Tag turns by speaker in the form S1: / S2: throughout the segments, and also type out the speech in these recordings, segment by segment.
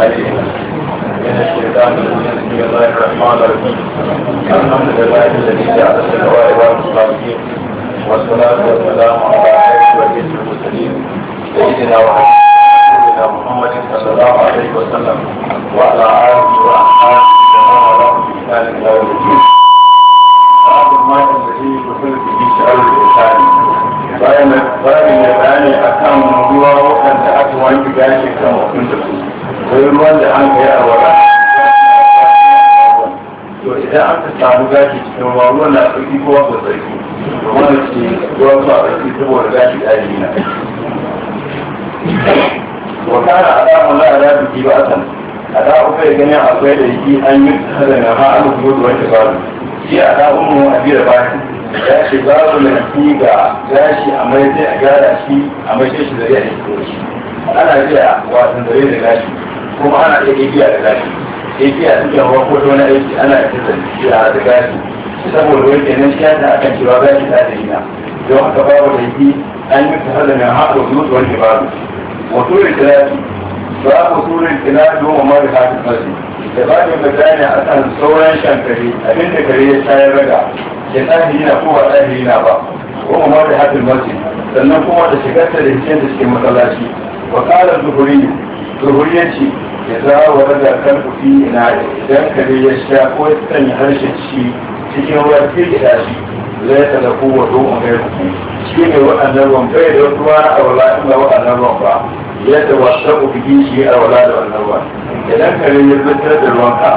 S1: عليم من الشيطان الرجيم بسم الله الرحمن الرحيم الحمد لله الذي جعل السماوات والصالحين والصلاة والسلام على خير وجه المرسلين سيدنا محمد صلى الله عليه وسلم وعلى آله وأصحابه ومن والاهم بإحسان إلى يوم الدين باب الماء الذي يدخل به شر الإنسان bayan da bayani a kan ruwa waɗanda aka wanke akwai ruwan da an kai a wara to idan an ka samu gashi cikin ruwa ruwan na tsarki ko ba tsarki da ce ruwan a tsarki saboda gashi ɗari yi wa kana a samun la'ada biki ba a san a da uku ya gani akwai da yi an yi tsada na ma an kuma da wata babu shi a da uku mu abi da baki ya ce babu na fi ga gashi a mai sai a gara shi a mai shi da ya yi ana jiya wasan dare da gashi kuma ana da igiya da gashi igiya cikin ruwa ko wani aiki ana da kisa shi a da gashi saboda wani kenan shi yadda akan cewa gashi ta da ina don haka babu da yi an yi ta hada mai haɗo mutu wani babu wato da kilafi ba a kusur da kilafi wa mara haɗin masu da ba da mutane a kan sauran shan kare abinda kare ya shayar raga ya tsahiri na ko ba tsahiri na ba wa mara haɗin masu sannan kuma da shigar da rikiyar da suke matsalaci wa ƙarar zuhuri zuhuri ya ce إذا ورد الكلب في إناء إذا كبير يشتاق ويستني هرش الشيء cikin ruwa sai ya dashi zai ta da kowa ruwan mai rufi shi ne waɗannan ruwan bai da ruwa na arola in ba waɗannan ruwan ba yadda wasu ku fi shi arola da wannan ruwan idan kare ya fitar da ruwan ka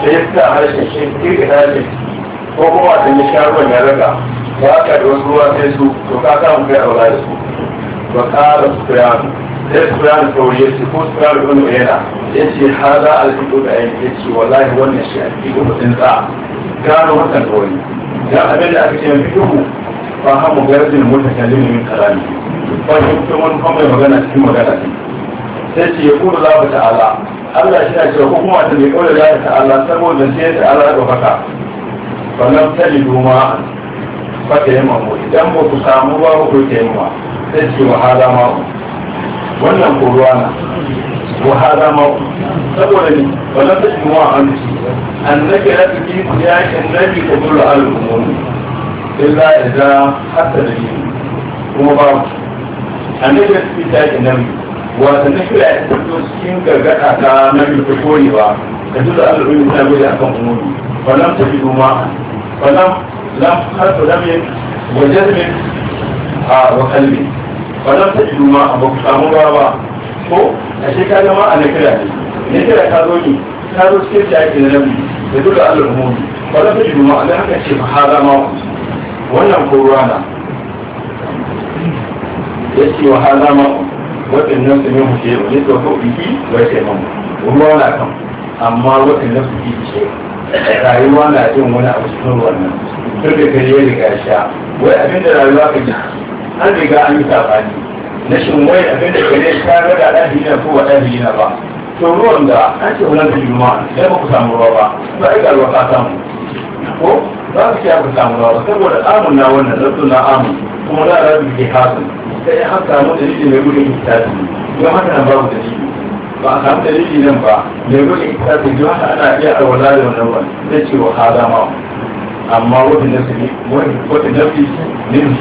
S1: sai ya sa harshen shi kirka harshen ko kuma a sanya sha ruwan ya raga ba ka da wasu ruwa sai su to ka samu kai arola da su ba ka da su kira da sufiyanu sauri ya ce ko sufiyanu bin uyana ya ce ha za a fito da ayin ya ce wallahi wannan shi a fito mutum tsa gano wannan da abin da aka ce mai fito fa hamu garjin mutakallim min kalami fa shi kuma wani kuma mai magana cikin magana ne ya kuma za ku ta'ala Allah shi ya ko kuma saboda Allah ya ta yi idan ba ku samu ba wannan koruwa wa hada mau saboda ne wannan ta shi wa an ci annabi ya fi ki ku ya shi annabi ko kullu al-umum illa idza hatta da yi kuma ba annabi ya fi ta shi annabi wa annabi ya fi to cikin gargada ta nabi ko korewa da duk al-umum ta gode akan umum fa lam ta fi ma fa lam lam hatta da yi wa jazmin a wa kalbi ba za ta ji ma a ku samun ba ba ko a shi ka zama a nakira ne nakira ka zo ne ka zo cikin da ake rabi da duka allah mummuni ba za ta ji ma a haka ce ba hada ma wannan ko rana ya ce wa hada ma waɗannan su ne mu ce ne to ko biki ba ce mamu ruwa na kan amma waɗannan su biki ce rayuwa na jin wani abu cikin wannan duk da kare ya riga sha wai abinda rayuwa ka ji an riga an yi sabani na shin wai abin da ke ne ta rada da na ko ɗahi na ba to ruwan da an ce wannan da juma da ba ku samu ruwa ba ba ai ga ruwa ka samu ko za ku ce ku samu ruwa saboda amun na wannan zartu na amun kuma za a rabu ke hasu sai an samu dalili mai gudun tafi don haka nan babu dalili ba a samu dalili nan ba mai gudun tafi don haka ana iya alwala da wannan ruwan zai ce wa haza ma amma wata nafi ne wata nafi ne mu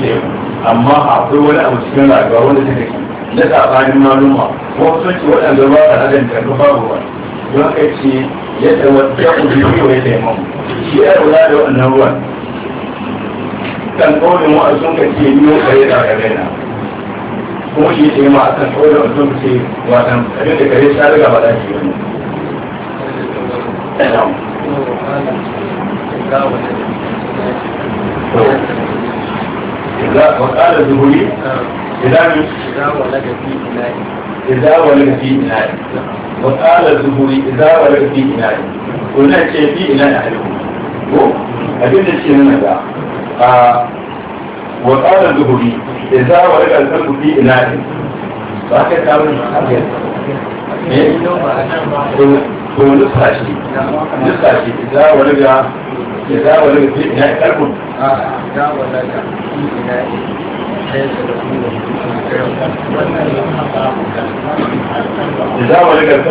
S1: amma akwai wani abu cikin rayuwa wanda ta take na tsabanin maluma wasu ce waɗanda ba da hadin da ba ba don ka ce yadda wata ƙudiri wa ya taimam shi ya rula da wannan ruwan kan ƙaunin wa sun ka ce yi wa kare da kare na kuma shi ce ma a kan ƙaunin wa sun ka ce watan abin da kare ta riga ba za shi wani Thank you. لا وقال الزهري إذا ولد في إناء إذا ولد في إناء وقال الزهري إذا ولد في إناء قلنا شيء في إناء أهلكم أجل الشيء هنا وقال الزهري إذا ولد الكلب في إناء فهكذا كان ايه؟ نسخة شيء نسخة شيء إذا ولد إذا ولو في إناء كرب آه إذا ولو في إناء إذا ولد الكلب